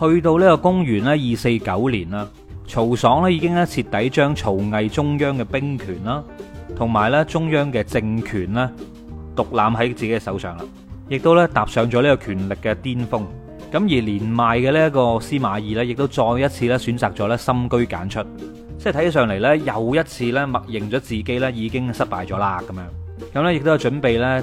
去到呢個公元咧二四九年啦，曹爽咧已經咧徹底將曹魏中央嘅兵權啦，同埋咧中央嘅政權咧獨攬喺自己嘅手上啦，亦都咧踏上咗呢個權力嘅巔峰。咁而連邁年邁嘅呢一個司馬懿咧，亦都再一次咧選擇咗咧深居簡出，即係睇起上嚟咧又一次咧默認咗自己咧已經失敗咗啦咁樣，咁咧亦都準備咧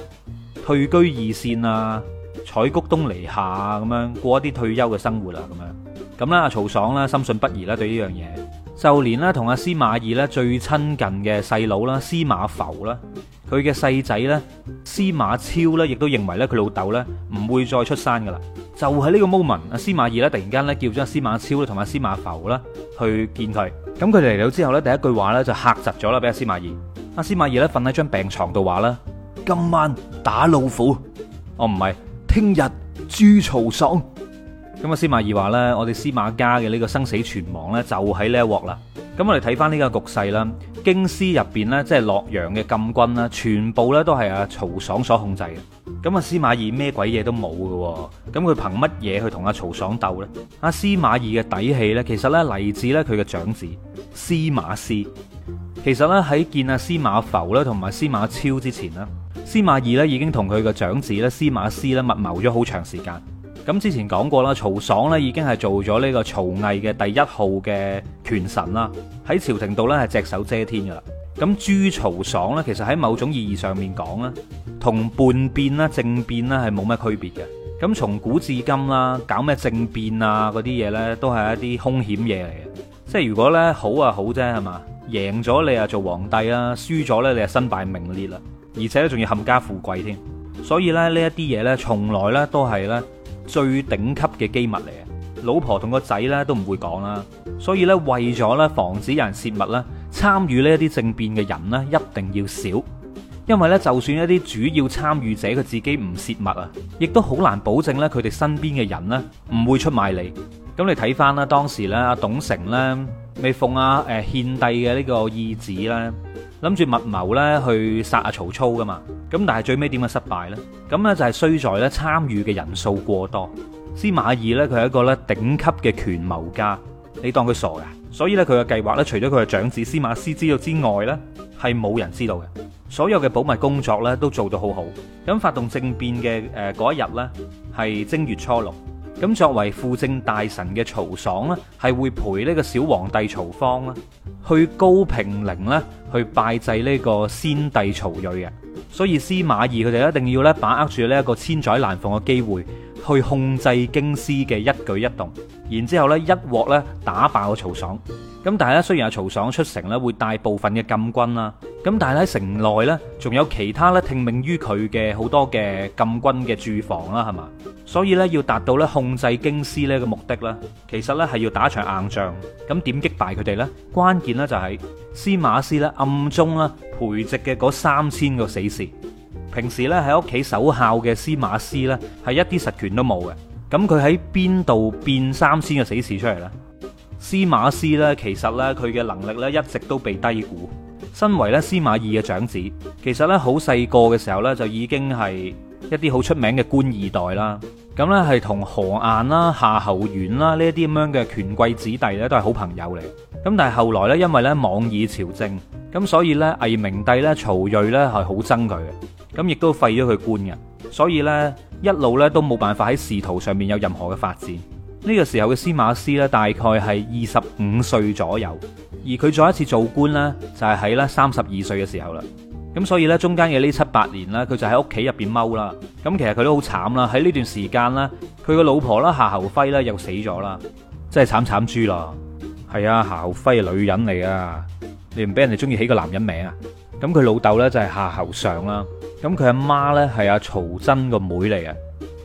退居二線啊！採菊東籬下咁樣過一啲退休嘅生活啦咁樣，咁啦阿曹爽呢，深信不疑啦對呢樣嘢，就連呢同阿司馬懿呢最親近嘅細佬啦司馬孚啦，佢嘅細仔呢，司馬昭呢，亦都認為呢，佢老豆呢，唔會再出山噶啦，就喺、啊、呢個 moment 阿司馬懿呢突然間呢叫咗司、啊、馬昭同埋司馬孚啦去見佢，咁佢嚟到之後呢，第一句話呢就吓窒咗啦，俾阿司馬懿，阿司馬懿呢瞓喺張病床度話啦，今晚打老虎，我唔係。哦聽日誅曹爽，咁啊司馬懿話咧，我哋司馬家嘅呢個生死存亡咧就喺呢一鑊啦。咁我哋睇翻呢個局勢啦，京師入邊咧即係洛陽嘅禁軍啦，全部咧都係阿曹爽所控制嘅。咁啊司馬懿咩鬼嘢都冇㗎，咁佢憑乜嘢去同阿曹爽鬥咧？阿司馬懿嘅底氣咧，其實咧嚟自咧佢嘅長子司馬師。其實咧喺見阿司馬孚咧同埋司馬超之前呢。司馬懿咧已經同佢個長子咧司馬師咧密謀咗好長時間。咁之前講過啦，曹爽咧已經係做咗呢個曹魏嘅第一號嘅權臣啦，喺朝廷度咧係隻手遮天噶啦。咁誅曹爽咧，其實喺某種意義上面講咧，同叛變啦、政變啦係冇乜區別嘅。咁從古至今啦，搞咩政變啊嗰啲嘢咧，都係一啲凶險嘢嚟嘅。即係如果咧好啊好啫，係嘛？贏咗你啊做皇帝啦，輸咗咧你啊身敗名裂啦。而且咧，仲要冚家富貴添，所以咧，呢一啲嘢呢，從來呢都係呢最頂級嘅機密嚟嘅。老婆同個仔呢都唔會講啦，所以呢，為咗呢防止有人泄密呢，參與呢一啲政變嘅人呢一定要少，因為呢，就算一啲主要參與者佢自己唔泄密啊，亦都好難保證呢，佢哋身邊嘅人呢唔會出賣你。咁你睇翻啦，當時呢，董承呢未奉阿誒獻帝嘅呢個意旨咧。諗住密謀咧去殺阿曹操噶嘛，咁但係最尾點樣失敗咧？咁咧就係衰在咧參與嘅人數過多，司馬懿咧佢係一個咧頂級嘅權謀家，你當佢傻噶？所以咧佢嘅計劃咧除咗佢嘅長子司馬師知道之外咧，係冇人知道嘅，所有嘅保密工作咧都做到好好。咁發動政變嘅誒嗰一日咧係正月初六。咁作為輔政大臣嘅曹爽呢，係會陪呢個小皇帝曹芳啦，去高平陵呢，去拜祭呢個先帝曹睿嘅，所以司馬懿佢哋一定要咧把握住呢一個千載難逢嘅機會，去控制京師嘅一舉一動，然之後咧一鑊呢，打爆曹爽。咁但係咧，雖然阿曹爽出城咧會帶部分嘅禁軍啦，咁但係喺城內咧仲有其他咧聽命於佢嘅好多嘅禁軍嘅駐防啦，係嘛？所以咧要達到咧控制京師呢個目的咧，其實咧係要打場硬仗。咁點擊敗佢哋呢？關鍵咧就係司馬師咧暗中咧培植嘅嗰三千個死士。平時咧喺屋企守孝嘅司馬師咧係一啲實權都冇嘅。咁佢喺邊度變三千個死士出嚟呢？司馬師咧，其實咧佢嘅能力咧一直都被低估。身為咧司馬懿嘅長子，其實咧好細個嘅時候咧就已經係一啲好出名嘅官二代啦。咁咧係同何晏啦、夏侯玄啦，呢一啲咁樣嘅權貴子弟咧都係好朋友嚟。咁但係後來咧因為咧妄議朝政，咁所以咧魏明帝、咧曹睿咧係好憎佢嘅，咁亦都廢咗佢官嘅。所以咧一路咧都冇辦法喺仕途上面有任何嘅發展。呢個時候嘅司馬師咧，大概係二十五歲左右，而佢再一次做官呢，就係喺咧三十二歲嘅時候啦。咁所以呢，中間嘅呢七八年呢，佢就喺屋企入邊踎啦。咁其實佢都好慘啦，喺呢段時間呢，佢個老婆啦夏侯徽，咧又死咗啦，真係慘慘豬咯。係啊，夏侯徽女人嚟啊，你唔俾人哋中意起個男人名啊？咁佢老豆呢，就係夏侯尚啦，咁佢阿媽呢，係阿曹真個妹嚟嘅。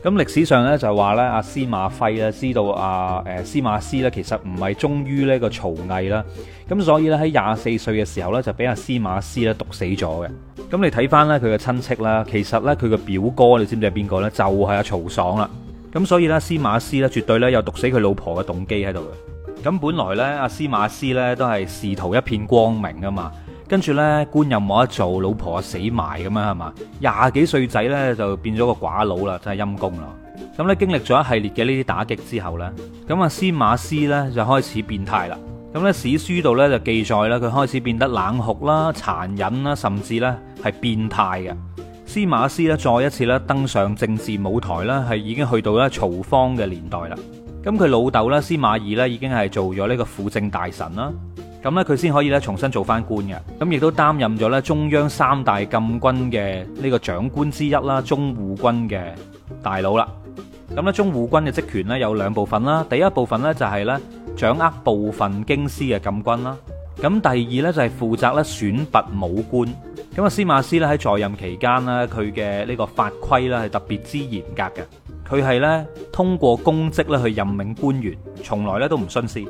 咁歷史上咧就係話咧，阿司馬徽咧知道阿、啊、誒、呃、司馬師咧其實唔係忠於呢個曹魏啦，咁所以咧喺廿四歲嘅時候咧就俾阿、啊、司馬師咧毒死咗嘅。咁你睇返咧佢嘅親戚啦，其實咧佢嘅表哥你知唔知係邊個咧？就係、是、阿、啊、曹爽啦。咁所以咧司馬師咧絕對咧有毒死佢老婆嘅動機喺度嘅。咁本來咧阿司馬師咧都係仕途一片光明啊嘛。跟住呢官又冇得做，老婆死埋咁啊，係嘛？廿幾歲仔呢就變咗個寡佬啦，真係陰公啦。咁呢，經歷咗一系列嘅呢啲打擊之後呢，咁啊司馬師呢就開始變態啦。咁呢，史書度呢就記載啦，佢開始變得冷酷啦、殘忍啦，甚至呢係變態嘅。司馬師呢再一次咧登上政治舞台啦，係已經去到咧曹芳嘅年代啦。咁佢老豆呢，司馬懿呢已經係做咗呢個輔政大臣啦。咁咧，佢先可以咧重新做翻官嘅，咁亦都擔任咗咧中央三大禁軍嘅呢個長官之一啦，中護軍嘅大佬啦。咁咧，中護軍嘅職權咧有兩部分啦，第一部分咧就係咧掌握部分京師嘅禁軍啦，咁第二咧就係負責咧選拔武官。咁啊，司馬師咧喺在任期間呢，佢嘅呢個法規咧係特別之嚴格嘅，佢係咧通過公職咧去任命官員，從來咧都唔徇私。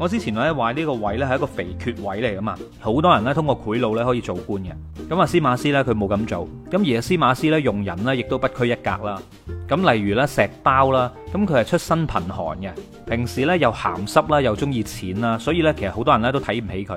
我之前咧話呢個位呢係一個肥缺位嚟噶嘛，好多人呢通過賄賂呢可以做官嘅。咁阿司馬師呢，佢冇咁做，咁而阿司馬師呢，用人呢亦都不拘一格啦。咁例如呢，石包啦，咁佢係出身貧寒嘅，平時呢又鹹濕啦，又中意錢啦，所以呢，其實好多人呢都睇唔起佢。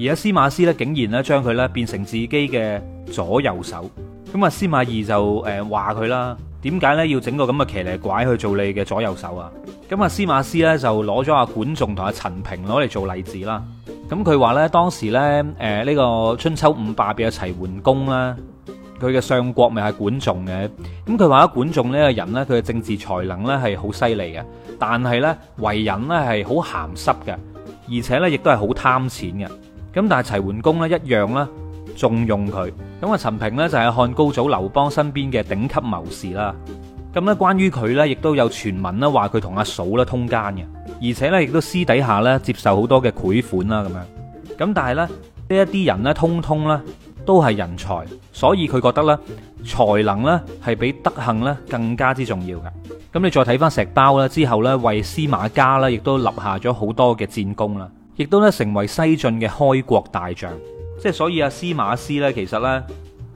而阿司馬師呢，竟然呢將佢呢變成自己嘅左右手。咁阿司馬懿就誒話佢啦。點解呢？要整個咁嘅騎呢怪去做你嘅左右手啊？咁啊司馬師呢，斯斯就攞咗阿管仲同阿陳平攞嚟做例子啦。咁佢話呢，當時呢，誒、呃、呢、呢個春秋五霸畀阿齊桓公啦，佢嘅相國咪係管仲嘅。咁佢話阿管仲呢個人呢，佢嘅政治才能呢係好犀利嘅，但係呢為人呢係好鹹濕嘅，而且呢亦都係好貪錢嘅。咁但係齊桓公呢一樣啦。重用佢，咁啊，陳平咧就係漢高祖劉邦身邊嘅頂級謀士啦。咁咧，關於佢咧，亦都有傳聞啦，話佢同阿嫂咧通姦嘅，而且咧亦都私底下咧接受好多嘅賄款啦，咁樣。咁但係咧呢一啲人咧，通通咧都係人才，所以佢覺得咧才能咧係比德行咧更加之重要嘅。咁你再睇翻石包啦，之後咧為司馬家啦亦都立下咗好多嘅戰功啦，亦都咧成為西晉嘅開國大將。即係所以阿司馬師呢，其實呢，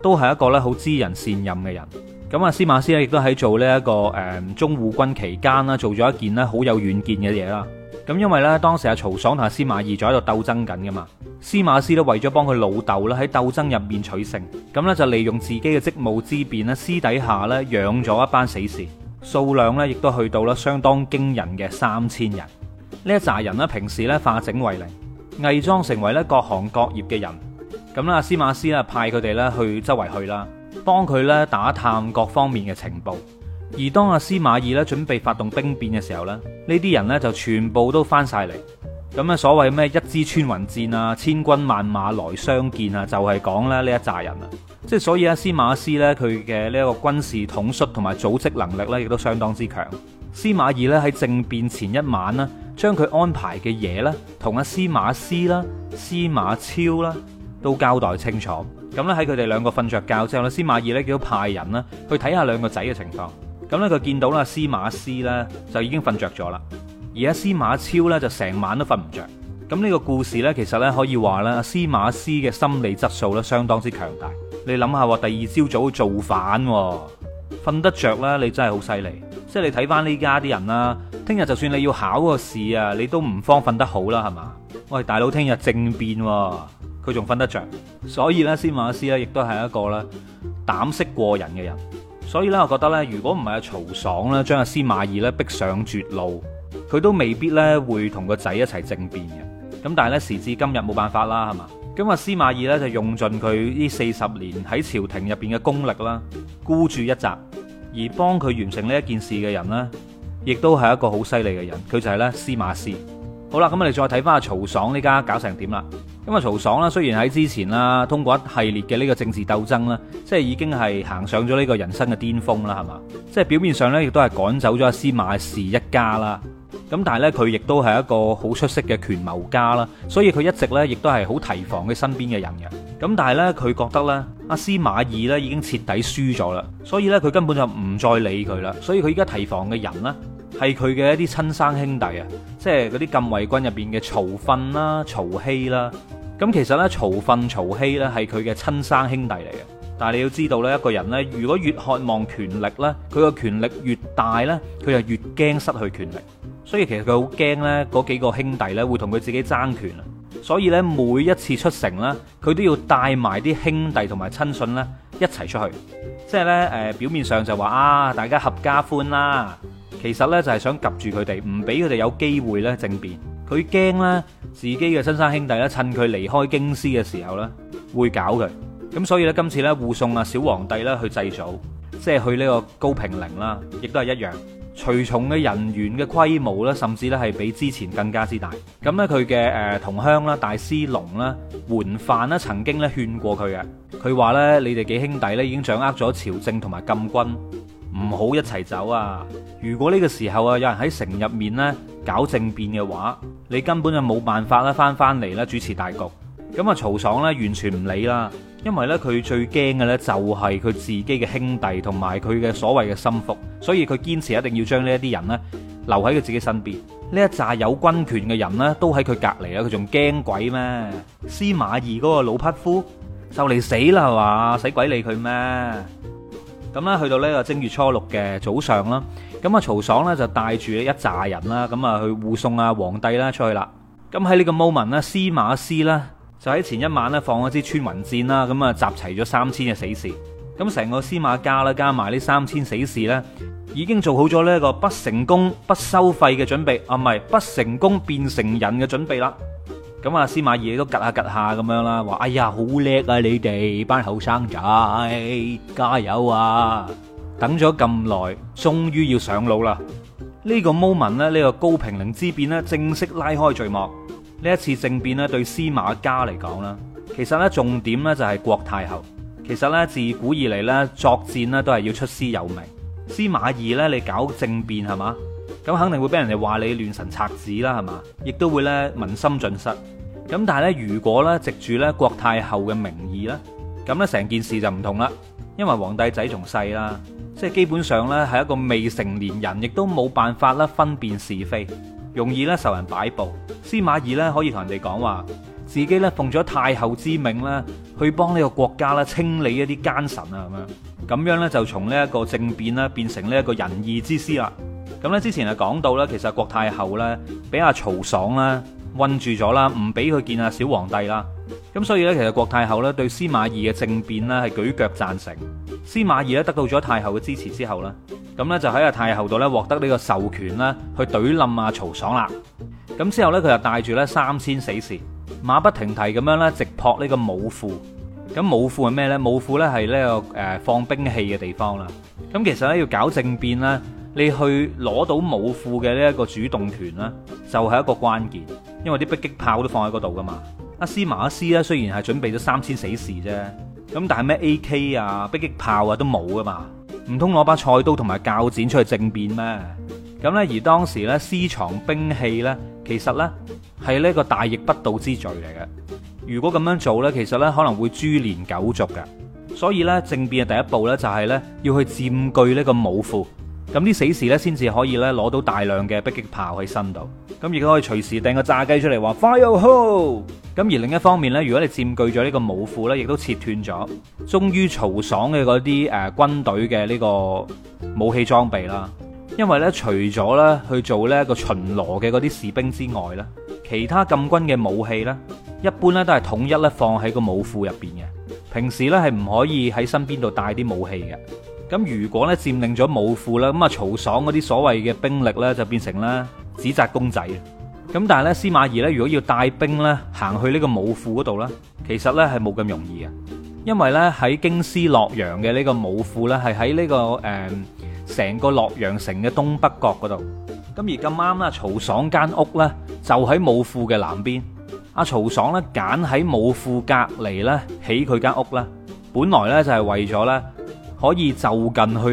都係一個咧好知人善任嘅人。咁阿司馬師呢，亦都喺做呢一個誒中護軍期間啦，做咗一件咧好有遠見嘅嘢啦。咁因為呢，當時阿曹爽同阿司馬懿仲喺度鬥爭緊㗎嘛，司馬師呢，為咗幫佢老豆呢喺鬥爭入面取勝，咁呢，就利用自己嘅職務之便咧，私底下呢，養咗一班死士，數量呢，亦都去到咧相當驚人嘅三千人。呢一紮人呢，平時呢，化整為零，偽裝成為呢各行各業嘅人。咁啦，司馬師啦派佢哋咧去周圍去啦，幫佢咧打探各方面嘅情報。而當阿司馬懿咧準備發動兵變嘅時候咧，呢啲人咧就全部都翻晒嚟。咁咧，所謂咩一支穿雲箭啊，千軍萬馬來相見啊，就係講咧呢一紮人啊。即係所以阿司馬師咧，佢嘅呢一個軍事統率同埋組織能力咧，亦都相當之強。司馬懿咧喺政變前一晚啦，將佢安排嘅嘢啦，同阿司馬師啦、司馬昭，啦，都交代清楚，咁咧喺佢哋兩個瞓着覺之後咧，馬爾看看，司馬懿咧亦都派人啦去睇下兩個仔嘅情況，咁咧佢見到啦司馬師咧就已經瞓着咗啦，而家司馬昭咧就成晚都瞓唔着。咁呢個故事咧其實咧可以話咧司馬師嘅心理質素咧相當之強大，你諗下喎，第二朝早造反，瞓得着啦，你真係好犀利，即係你睇翻呢家啲人啦，聽日就算你要考個試啊，你都唔慌瞓得好啦，係嘛？喂，大佬，聽日政變。佢仲瞓得着，所以咧，司馬師咧亦都係一個咧膽識過人嘅人。所以咧，我覺得咧，如果唔係阿曹爽咧將阿司馬懿咧逼上絕路，佢都未必咧會同個仔一齊政變嘅。咁但係咧，時至今日冇辦法啦，係嘛？咁阿司馬懿咧就用盡佢呢四十年喺朝廷入邊嘅功力啦，孤注一擲，而幫佢完成呢一件事嘅人咧，亦都係一個好犀利嘅人。佢就係咧司馬師。好啦，咁我哋再睇翻阿曹爽呢家搞成點啦。因為，曹爽啦，雖然喺之前啦，通過一系列嘅呢個政治鬥爭啦，即係已經係行上咗呢個人生嘅巔峰啦，係嘛？即係表面上呢，亦都係趕走咗阿司馬氏一家啦。咁但係呢，佢亦都係一個好出色嘅權謀家啦，所以佢一直呢，亦都係好提防佢身邊嘅人嘅。咁但係呢，佢覺得呢，阿司馬懿呢已經徹底輸咗啦，所以呢，佢根本就唔再理佢啦。所以佢依家提防嘅人呢，係佢嘅一啲親生兄弟啊，即係嗰啲禁衛軍入邊嘅曹訓啦、曹羲啦。咁其實咧，曹訓、曹羲咧係佢嘅親生兄弟嚟嘅。但係你要知道咧，一個人咧，如果越渴望權力咧，佢個權力越大咧，佢就越驚失去權力。所以其實佢好驚咧，嗰幾個兄弟咧會同佢自己爭權啊。所以咧，每一次出城咧，佢都要帶埋啲兄弟同埋親信咧一齊出去。即係咧，誒表面上就話啊，大家合家歡啦。其實咧就係想及住佢哋，唔俾佢哋有機會咧政變。佢驚咧，自己嘅親生兄弟咧，趁佢離開京師嘅時候咧，會搞佢。咁所以咧，今次咧護送啊小皇帝咧去祭祖，即係去呢個高平陵啦，亦都係一樣。隨從嘅人員嘅規模咧，甚至咧係比之前更加之大。咁咧，佢嘅誒同鄉啦，大司農啦、桓範啦，曾經咧勸過佢嘅。佢話咧：你哋幾兄弟咧已經掌握咗朝政同埋禁軍，唔好一齊走啊！如果呢個時候啊，有人喺城入面咧，搞政變嘅話，你根本就冇辦法啦，翻翻嚟啦，主持大局。咁啊，曹爽呢，完全唔理啦，因為呢，佢最驚嘅呢，就係佢自己嘅兄弟同埋佢嘅所謂嘅心腹，所以佢堅持一定要將呢一啲人呢，留喺佢自己身邊。呢一紮有軍權嘅人呢，都喺佢隔籬啦，佢仲驚鬼咩？司馬懿嗰個老匹夫就嚟死啦，係嘛？使鬼理佢咩？咁啦，去到呢個正月初六嘅早上啦，咁啊曹爽呢，就帶住一紮人啦，咁啊去護送啊皇帝啦出去啦。咁喺呢個 moment 啦，司馬師呢，就喺前一晚呢，放一支穿雲箭啦，咁啊集齊咗三千嘅死士。咁成個司馬家啦，加埋呢三千死士呢，已經做好咗呢個不成功不收費嘅準備，啊唔係不，不成功便成仁嘅準備啦。咁、哎、啊，司馬懿都夾下夾下咁樣啦，話哎呀好叻啊你哋班後生仔，加油啊！等咗咁耐，終於要上路啦！呢、呢個 moment 呢，呢個高平陵之變咧，正式拉開序幕。呢一次政變咧，對司馬家嚟講啦，其實咧重點咧就係國太后。其實咧自古以嚟咧作戰咧都係要出師有名。司馬懿呢，你搞政變係嘛？咁肯定會俾人哋話你亂臣賊子啦，係嘛？亦都會咧民心盡失。咁但係咧，如果咧藉住咧國太后嘅名義咧，咁咧成件事就唔同啦。因為皇帝仔仲細啦，即係基本上咧係一個未成年人，亦都冇辦法啦分辨是非，容易咧受人擺布。司馬懿咧可以同人哋講話，自己咧奉咗太后之命咧去幫呢個國家啦清理一啲奸臣啊，咁樣咁樣咧就從呢一個政變啦變成呢一個仁義之師啦。咁咧之前啊講到咧，其實郭太后咧，俾阿曹爽啦，困住咗啦，唔俾佢見阿小皇帝啦。咁所以咧，其實郭太后咧對司馬懿嘅政變咧係舉腳贊成。司馬懿咧得到咗太后嘅支持之後咧，咁咧就喺阿太后度咧獲得呢個授權啦，去懟冧阿曹爽啦。咁之後咧，佢就帶住咧三千死士，馬不停蹄咁樣咧直撲呢個武庫。咁武庫係咩咧？武庫咧係呢個誒放兵器嘅地方啦。咁其實咧要搞政變咧。你去攞到武庫嘅呢一個主動權呢就係一個關鍵，因為啲迫擊炮都放喺嗰度噶嘛。阿司馬師咧，雖然係準備咗三千死士啫，咁但係咩 A.K. 啊迫擊炮啊都冇噶嘛，唔通攞把菜刀同埋鉸剪出去政變咩？咁呢，而當時呢，私藏兵器呢，其實呢係呢個大逆不道之罪嚟嘅。如果咁樣做呢，其實呢可能會株連九族嘅。所以呢，政變嘅第一步呢，就係呢要去佔據呢個武庫。咁啲死士咧，先至可以咧攞到大量嘅迫擊炮喺身度，咁亦都可以隨時掟個炸雞出嚟話 fire ho。咁而另一方面咧，如果你佔據咗呢個武庫咧，亦都切斷咗，忠於曹爽嘅嗰啲誒軍隊嘅呢個武器裝備啦。因為咧，除咗咧去做呢一個巡邏嘅嗰啲士兵之外咧，其他禁軍嘅武器咧，一般咧都係統一咧放喺個武庫入邊嘅。平時咧係唔可以喺身邊度帶啲武器嘅。咁如果咧佔領咗武庫啦，咁啊曹爽嗰啲所謂嘅兵力咧就變成咧紙紮公仔。咁但係咧，司馬懿咧如果要帶兵咧行去呢個武庫嗰度咧，其實咧係冇咁容易嘅，因為咧喺京師洛陽嘅呢個武庫咧係喺呢個誒成、呃、個洛陽城嘅東北角嗰度。咁而咁啱啦，曹爽間屋咧就喺武庫嘅南邊。阿曹爽咧揀喺武庫隔離咧起佢間屋啦，本來咧就係為咗咧，可以就近去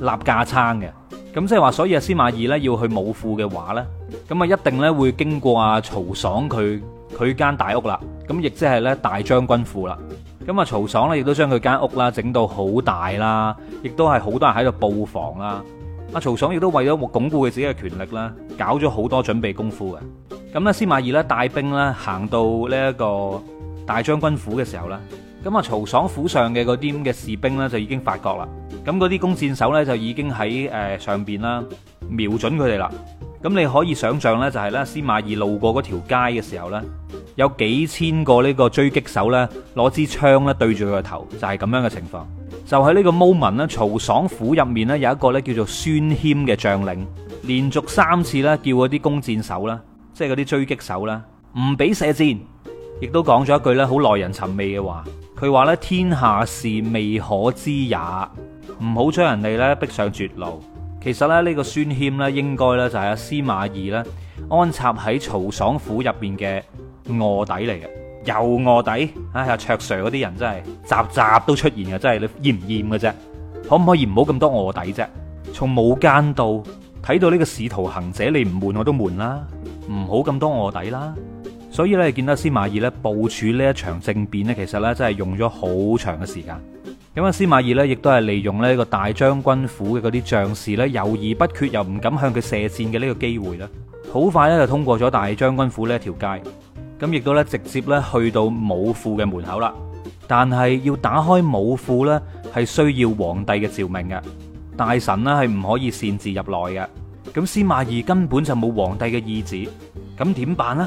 立架撐嘅，咁即係話，所以阿司馬懿咧要去武庫嘅話呢，咁啊一定咧會經過阿曹爽佢佢間大屋啦，咁亦即係呢大將軍府啦。咁啊曹爽呢亦都將佢間屋啦整到好大啦，亦都係好多人喺度布防啦。阿曹爽亦都為咗鞏固佢自己嘅權力啦，搞咗好多準備功夫嘅。咁咧司馬懿呢帶兵呢行到呢一個大將軍府嘅時候呢。咁啊！曹爽府上嘅嗰啲咁嘅士兵呢，就已經發覺啦。咁嗰啲弓箭手呢，就已經喺誒上邊啦，瞄準佢哋啦。咁你可以想象呢，就是，就係呢，司馬懿路過嗰條街嘅時候呢，有幾千個呢個狙擊手呢，攞支槍呢對住佢個頭，就係、是，咁樣嘅情況。就喺呢個 moment 呢，曹爽府入面呢，有一個呢叫做孫謙嘅將領，連續三次呢叫嗰啲弓箭手啦，即係嗰啲狙擊手啦，唔俾射箭，亦都講咗一句呢好耐人尋味嘅話。佢話咧，天下事未可知也，唔好將人哋咧逼上絕路。其實咧呢個孫謙咧，應該咧就係阿司馬懿咧安插喺曹爽府入邊嘅臥底嚟嘅，又臥底。唉、哎，阿卓 Sir 嗰啲人真係集集都出現嘅，真係你厭唔厭嘅啫？可唔可以唔好咁多臥底啫？從冇間到睇到呢個使徒行者，你唔悶我都悶啦，唔好咁多臥底啦。所以咧，見到司馬懿咧部署呢一場政變咧，其實咧真係用咗好長嘅時間。咁啊，司馬懿咧亦都係利用呢個大將軍府嘅嗰啲將士咧猶豫不決，又唔敢向佢射箭嘅呢個機會咧，好快咧就通過咗大將軍府呢一條街，咁亦都咧直接咧去到武庫嘅門口啦。但係要打開武庫咧，係需要皇帝嘅詔命嘅，大臣咧係唔可以擅自入內嘅。咁司馬懿根本就冇皇帝嘅意旨，咁點辦咧？